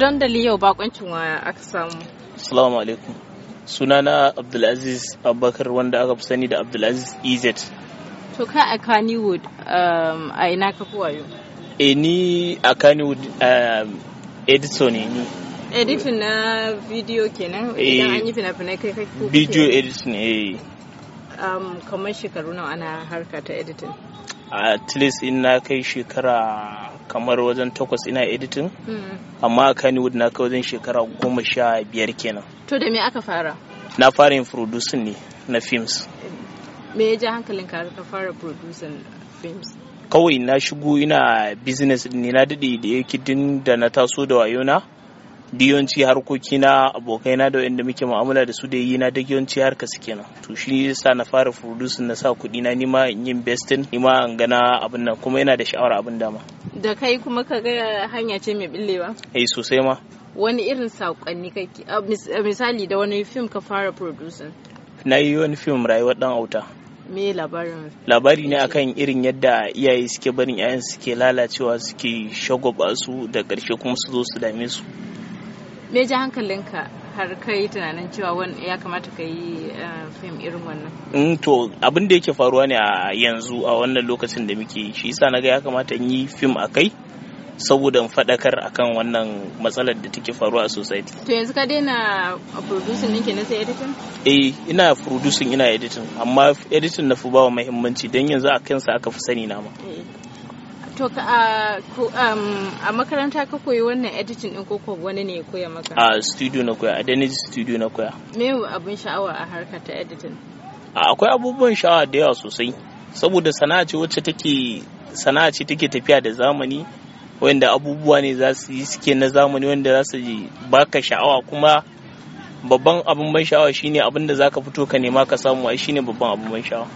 Don dali yau bakoncin waya aka samu. Assalamu alaikum. na Abdulaziz Abubakar wanda aka fi sani da Abdulaziz EZ. To ka a Kannywood um, a ina ka kuwayo? E eh, ni a Kannywood um, editor ne ni. Editor na video kenan eh, idan an yi fina-finai kai kai Video editor ne. Eh. Um, kamar shekaru nawa ana harka ta editing? at least in na kai shekara kamar wajen takwas ina editing hmm. amma a kannywood na kai wajen shekara goma sha biyar kenan to da me aka fara na fara yin producing ne na films me ya ja hankalin ka fara producing films kawai na shigo ina business ne na dade da yake din da na taso da wayona diyonci harkoki na abokai na da wanda muke mu'amala da su da yi na dagiyanci harka su kenan to shi yasa na fara producing na sa kuɗi na nima in yin bestin nima in gana abin nan kuma yana da sha'awar abin dama da kai kuma ka ga hanya ce mai billewa eh sosai ma wani irin saƙonni kake misali da wani fim ka fara producing na yi wani fim rayuwar dan auta me labarin labari ne akan irin yadda iyaye suke barin 'ya'yan suke lalacewa suke shagwaba su da ƙarshe kuma su zo su dame su me ji hankalinka har kai tunanin cewa ya kamata ka yi eh, fim irin wannan mm, to abin da yake faruwa ne a yanzu a wannan lokacin da muke shi yasa naga ya kamata in yi fim a kai saboda faɗakar akan wannan matsalar da take faruwa a society. To yanzu ka daina producing ɗin na sai editing? Eh, ina producing ina editing, amma editing na fi bawa muhimmanci don yanzu a kansa aka fi sani na ma. Eh. To um, a makaranta ka koyi wannan editing din koko wani ne ya koya maka? A studio na koya, a studio na koya. Me abin sha'awa a harkar ta editing? Akwai abubuwan sha'awa da yawa sosai. Saboda sana'a ce wacce take sana'a ce take tafiya da zamani wanda abubuwa ne za su yi suke na zamani wanda za su baka sha'awa kuma babban abin ban sha'awa shine abin da zaka fito ka nema ka samu ai shine babban abin ban sha'awa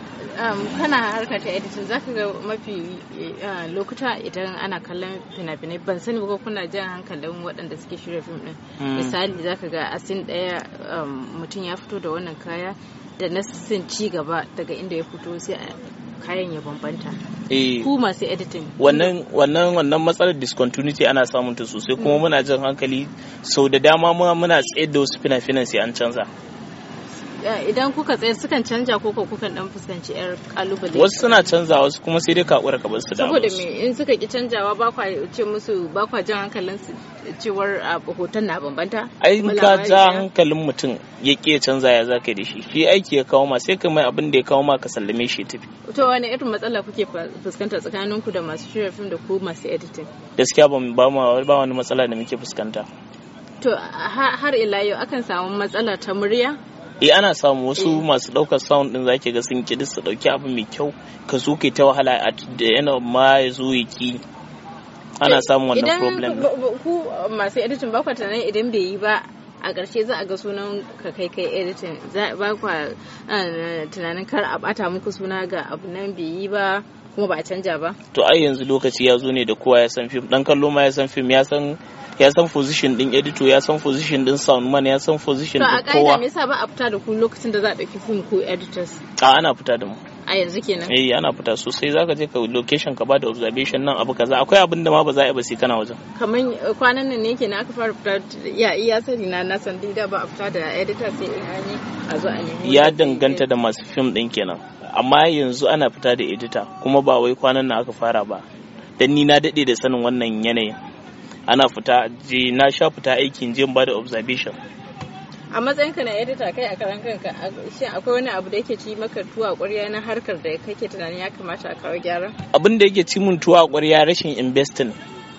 Um, kana harka ta editing zaka ga mafi eh, ah, lokuta idan ana kallon fina-finai ban sani ba kuna jan hankalin waɗanda suke shirya fim din mm. misali zaka ga asin ɗaya um, mutum ya fito da wannan kaya da na sin ci gaba daga inda ya fito sai kayan ya bambanta eh. ku masu editing wannan wannan matsalar discontinuity ana samun ta sosai kuma mm. muna jan hankali sau da dama muna tsayar da wasu fina-finan sai an canza Eh, idan kuka tsaye sukan canja ko kukan dan fuskanci yar kalubale wasu suna canza wasu kuma sai dai ka kura ka su da saboda me in suka ki canjawa ba kwa ce musu ba kwa jan hankalin su cewar hoton na bambanta ai ka ja hankalin mutum ya ki ya canza ya zaka da shi shi aiki ya kawo ma sai kai mai abin da ya kawo ma ka sallame shi tafi to wani irin matsala kuke fuskanta tsakanin ku da masu shirya fim da ku masu editing gaskiya ba ba wani matsala da muke fuskanta to har ila yau akan samu matsala ta murya eh ana samu wasu eh. masu daukar sound din zaki ga sun kidi su dauki abu mai kyau ka zo kai ta wahala a da yana ma ya zo ya ki ana eh, samun wannan problem ku masu editing ba ku tunanin idan bai yi ba a ƙarshe za a ga sunan ka kai kai editing ba ku eh, tunanin kar a bata muku suna ga abu nan bai yi ba kuma ba a canja ba to ai yanzu lokaci ya zo ne da kowa ya san fim dan kallo ma ya san fim ya san ya san position din editor ya san position din man, ya san position din kowa to a me yasa ba a fita da ku lokacin da za a dauki film ko editors a ana fita da mu a yanzu kenan eh ana fita sosai zaka je ka location ka ba da observation nan abu kaza akwai abin da ma ba za a yi ba sai kana wajen kaman eh, kwanan nan ne kenan aka fara fita ya iya sani na na san da ba a fita da editor sai in an a zo a nemi ya danganta da masu film din kenan amma yanzu ana fita da editor kuma ba wai kwanan nan aka fara ba dan ni na dade da sanin wannan yanayin ana fita je na sha fita aikin je ba da observation a matsayinka na editor kai a karan kanka shin akwai wani abu da yake ci maka tuwa ƙwarya na harkar da kake tunanin ya kamata a kawo gyara abin da yake ci mun tuwa ƙwarya rashin investing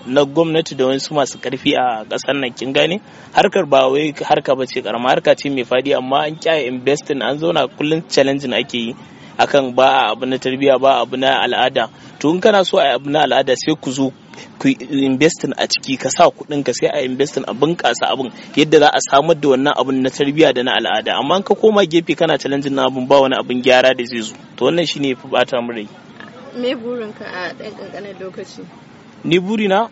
na gwamnati da wasu masu karfi a ƙasar nan kin gane harkar ba wai harka ba ce karama harka ce mai fadi amma an kya investing an zauna kullum challenge ake yi akan ba abu na tarbiyya ba abu na al'ada to in kana so a abu na al'ada sai ku zo ku investin a ciki ka sa kuɗin ka sai a investin a bunƙasa abin yadda za a samar da wannan abin na tarbiyya da na al'ada amma ka koma gefe kana challenge na abin ba wani abin gyara da zai zo to wannan shine ya fi bata mu rai me burinka a ɗan ƙanƙanin lokaci ni burina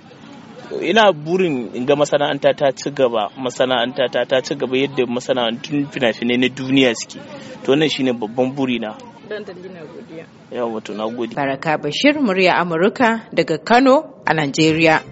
ina burin in ga masana'anta ta ci gaba masana'anta ta ta ci gaba yadda masana'antun fina-finai na duniya suke to nan shine babban burina yawan wato na gode baraka bashir murya amurka daga kano a nigeria